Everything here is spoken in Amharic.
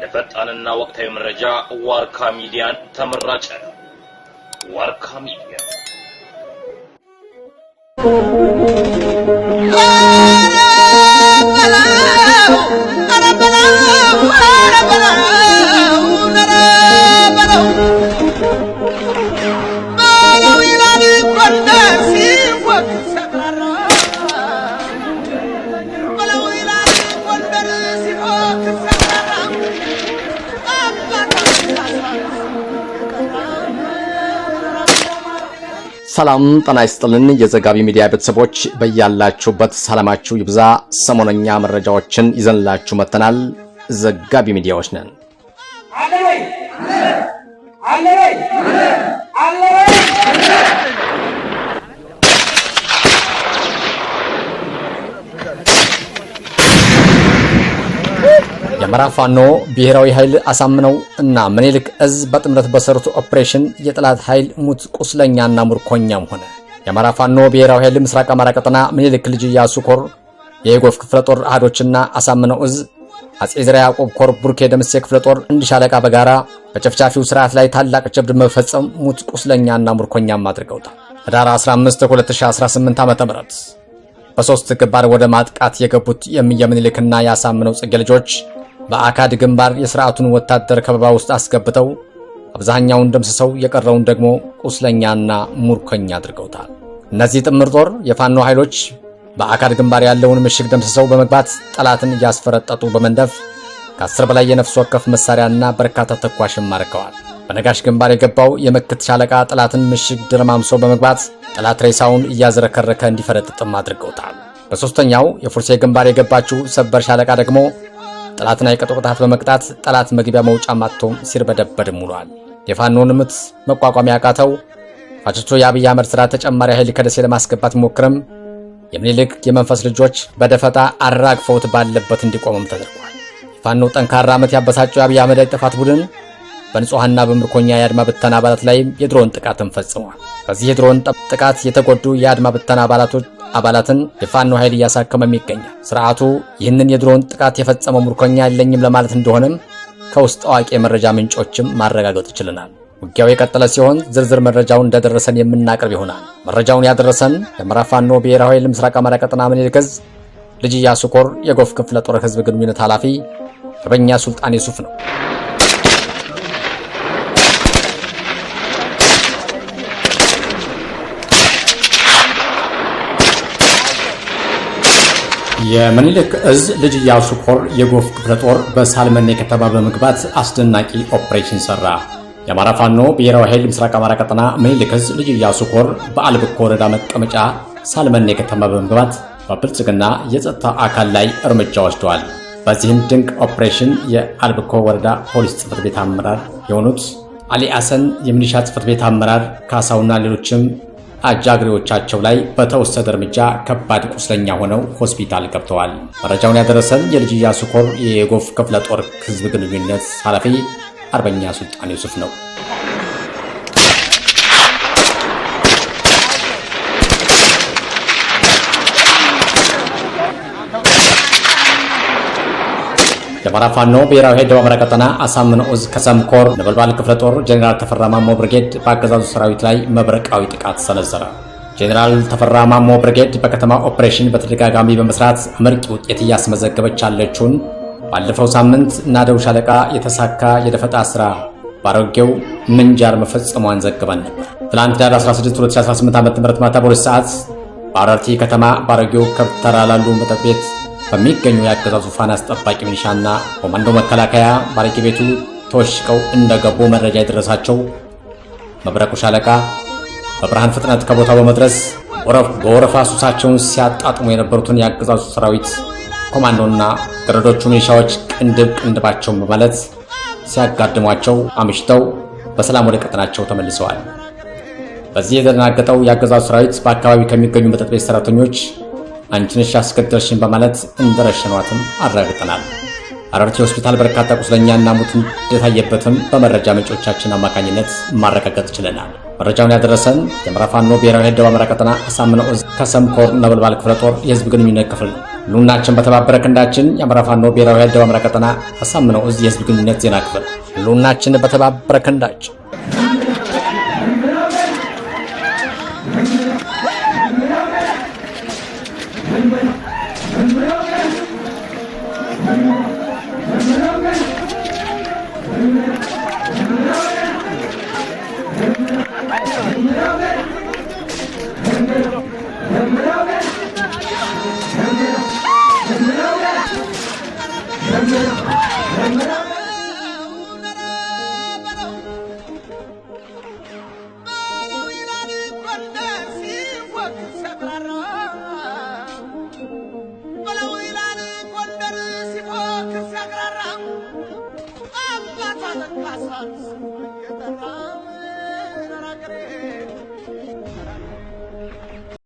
ለፈጣንና ወቅታዊ መረጃ ዋርካ ሚዲያን ተመራጭ ነው። ዋርካ ሚዲያ ሰላም ጠና ይስጥልን። የዘጋቢ ሚዲያ ቤተሰቦች በያላችሁበት ሰላማችሁ ይብዛ። ሰሞነኛ መረጃዎችን ይዘንላችሁ መጥተናል። ዘጋቢ ሚዲያዎች ነን። የአማራ ፋኖ ብሔራዊ ኃይል አሳምነው እና ምኒልክ እዝ በጥምረት በሰሩት ኦፕሬሽን የጠላት ኃይል ሙት ቁስለኛና ምርኮኛም ሆነ። የአማራ ፋኖ ብሔራዊ ኃይል ምስራቅ አማራ ቀጠና ምኒልክ ልጅ ኢያሱ ኮር የጎፍ ክፍለ ጦር አህዶችና አሳምነው እዝ አጼ ዘርዓ ያዕቆብ ኮር ቡርኬ ደምሴ ክፍለ ጦር እንድ ሻለቃ በጋራ በጨፍጫፊው ስርዓት ላይ ታላቅ ጀብድ መፈጸም ሙት ቁስለኛና ምርኮኛም አድርገውታል። ህዳር 15 2018 ዓ.ም በሶስት ግንባር ወደ ማጥቃት የገቡት የምኒልክና ያሳምነው ጽጌ ልጆች በአካድ ግንባር የሥርዓቱን ወታደር ከበባ ውስጥ አስገብተው አብዛኛውን ደምስሰው የቀረውን ደግሞ ቁስለኛና ሙርኮኛ አድርገውታል። እነዚህ ጥምር ጦር የፋኖ ኃይሎች በአካድ ግንባር ያለውን ምሽግ ደምስሰው በመግባት ጠላትን እያስፈረጠጡ በመንደፍ ከአስር በላይ የነፍስ ወከፍ መሳሪያና በርካታ ተኳሽም ማርከዋል። በነጋሽ ግንባር የገባው የመክት ሻለቃ ጠላትን ምሽግ ድረማምሶ በመግባት ጠላት ሬሳውን እያዝረከረከ እንዲፈረጥጥም አድርገውታል። በሦስተኛው የፉርሴ ግንባር የገባችው ሰበር ሻለቃ ደግሞ ጠላትን አይቀጦ ቅጣት በመቅጣት ጠላት መግቢያ መውጫ ማጥቶ ሲርበደበድም ውሏል። የፋኖን ምት መቋቋሚያ ያቃተው ፋሽስቱ የአብይ አህመድ ስራ ተጨማሪ ኃይል ከደሴ ለማስገባት ቢሞክርም። የምኒልክ የመንፈስ ልጆች በደፈጣ አራግፈውት ባለበት እንዲቆምም ተደርጓል። የፋኖ ጠንካራ ምት ያበሳጨው የአብይ አህመድ ጥፋት ቡድን በንጹሐና በምርኮኛ የአድማ ብተና አባላት ላይም የድሮን ጥቃትን ፈጽሟል። በዚህ የድሮን ጥቃት የተጎዱ የአድማ ብተና አባላቶች አባላትን የፋኖ ኃይል እያሳከመም ይገኛል። ስርዓቱ ይህንን የድሮውን ጥቃት የፈጸመው ምርኮኛ የለኝም ለማለት እንደሆነም ከውስጥ አዋቂ የመረጃ ምንጮችም ማረጋገጥ ይችልናል። ውጊያው የቀጠለ ሲሆን ዝርዝር መረጃውን እንደደረሰን የምናቀርብ ይሆናል። መረጃውን ያደረሰን የአማራ ፋኖ ብሔራዊ ኃይል ምስራቅ አማራ ቀጠና ምኒልክ ዕዝ ልጅ ኢያሱ ኮር የጎፍ ክፍለ ጦር ህዝብ ግንኙነት ኃላፊ አርበኛ ሱልጣን የሱፍ ነው። የምኒልክ እዝ ልጅ ኢያሱ ኮር የጎፍ ክፍለ ጦር በሳልመኔ ከተማ በመግባት አስደናቂ ኦፕሬሽን ሰራ። የአማራ ፋኖ ብሔራዊ ኃይል ምስራቅ አማራ ቀጠና ምኒልክ እዝ ልጅ ኢያሱ ኮር በአልብኮ ወረዳ መቀመጫ ሳልመኔ ከተማ በመግባት በብልጽግና የጸጥታ አካል ላይ እርምጃ ወስደዋል። በዚህም ድንቅ ኦፕሬሽን የአልብኮ ወረዳ ፖሊስ ጽፈት ቤት አመራር የሆኑት አሊ አሰን፣ የሚሊሻ ጽፈት ቤት አመራር ካሳውና ሌሎችም አጃግሬዎቻቸው ላይ በተወሰደ እርምጃ ከባድ ቁስለኛ ሆነው ሆስፒታል ገብተዋል። መረጃውን ያደረሰን የልጅ ኢያሱ ኮር የጎፍ ክፍለ ጦር ህዝብ ግንኙነት ኃላፊ አርበኛ ሱልጣን ዩሱፍ ነው። የአማራ ፋኖ ብሔራዊ ኃይል ደቡብ አማራ ቀጠና አሳምነው ዕዝ ከሰም ኮር ነበልባል ክፍለ ጦር ጀኔራል ተፈራ ማሞ ብርጌድ በአገዛዙ ሰራዊት ላይ መብረቃዊ ጥቃት ሰነዘረ። ጀኔራል ተፈራ ማሞ ብርጌድ በከተማ ኦፕሬሽን በተደጋጋሚ በመስራት አመርቂ ውጤት እያስመዘገበች ያለችውን ባለፈው ሳምንት ናደው ሻለቃ የተሳካ የደፈጣ ስራ ባሮጌው ምንጃር መፈጸሟን ዘግበን ነበር። ትናንት ዳር 16 2018 ዓ.ም ማታ በሁለት ሰዓት በአረርቲ ከተማ ባሮጌው ከብት ተራ ላሉ መጠጥ ቤት በሚገኙ የአገዛዙ ዙፋን አስጠባቂ ሚሊሻና ኮማንዶ መከላከያ ባለቂ ቤቱ ተወሽቀው እንደገቡ መረጃ የደረሳቸው መብረቁ ሻለቃ በብርሃን ፍጥነት ከቦታው በመድረስ በወረፋ ሱሳቸውን ሲያጣጥሙ የነበሩትን የአገዛዙ ሰራዊት ኮማንዶና ገረዶቹ ሚሊሻዎች ቅንድብ ቅንድባቸውን በማለት ሲያጋድሟቸው አምሽተው በሰላም ወደ ቀጠናቸው ተመልሰዋል። በዚህ የተደናገጠው የአገዛዙ ሰራዊት በአካባቢ ከሚገኙ መጠጥ ቤት ሰራተኞች አንቺንሽ ነሽ በማለት እንደረሸኗትም አረጋግጠናል። አረርቲ ሆስፒታል በርካታ ቁስለኛና ሙት እንደታየበትም በመረጃ ምንጮቻችን አማካኝነት ማረጋገጥ ችለናል። መረጃውን ያደረሰን የምዕራብ ፋኖ ብሔራዊ ኃይል ደቡብ አማራ ቀጠና አሳምነው ዕዝ ከሰምኮር ነበልባል ክፍለ ጦር የህዝብ ግንኙነት ክፍል ሉናችን በተባበረ ክንዳችን የአማራ ፋኖ ብሔራዊ ኃይል ደቡብ አማራ ቀጠና አሳምነው የህዝብ ግንኙነት ዜና ክፍል ሁሉናችን በተባበረ ክንዳችን casa, que te rame, no la crees.